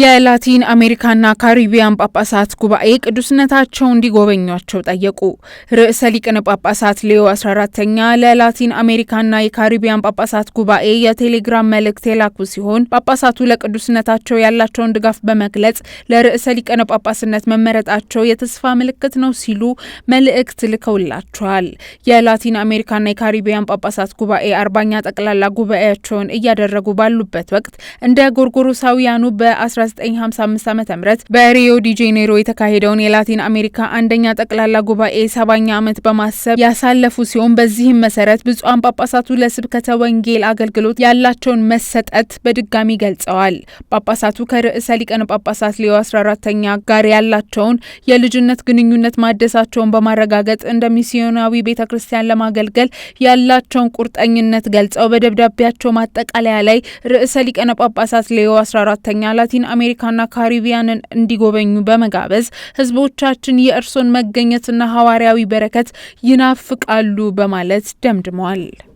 የላቲን አሜሪካና ካሪቢያን ጳጳሳት ጉባኤ ቅዱስነታቸው እንዲጎበኟቸው ጠየቁ። ርዕሰ ሊቃነ ጳጳሳት ሌዮ 14ተኛ ለላቲን አሜሪካና የካሪቢያን ጳጳሳት ጉባኤ የቴሌግራም መልእክት የላኩ ሲሆን ጳጳሳቱ ለቅዱስነታቸው ያላቸውን ድጋፍ በመግለጽ ለርዕሰ ሊቀነ ጳጳስነት መመረጣቸው የተስፋ ምልክት ነው ሲሉ መልእክት ልከውላቸዋል። የላቲን አሜሪካና የካሪቢያን ጳጳሳት ጉባኤ አርባኛ ጠቅላላ ጉባኤያቸውን እያደረጉ ባሉበት ወቅት እንደ ጎርጎሮሳውያኑ በ 1955 ዓ ም በሪዮ ዲ ጄኔሮ የተካሄደውን የላቲን አሜሪካ አንደኛ ጠቅላላ ጉባኤ ሰባኛ ዓመት በማሰብ ያሳለፉ ሲሆን በዚህም መሰረት ብፁዓን ጳጳሳቱ ለስብከተ ወንጌል አገልግሎት ያላቸውን መሰጠት በድጋሚ ገልጸዋል። ጳጳሳቱ ከርዕሰ ሊቀነ ጳጳሳት ሌዮ 14ተኛ ጋር ያላቸውን የልጅነት ግንኙነት ማደሳቸውን በማረጋገጥ እንደ ሚስዮናዊ ቤተ ክርስቲያን ለማገልገል ያላቸውን ቁርጠኝነት ገልጸው በደብዳቤያቸው ማጠቃለያ ላይ ርዕሰ ሊቀነ ጳጳሳት ሌዮ 14ተኛ ላቲን ሰሜን አሜሪካና ካሪቢያንን እንዲጎበኙ በመጋበዝ ህዝቦቻችን የእርሶን መገኘትና ሐዋርያዊ በረከት ይናፍቃሉ በማለት ደምድመዋል።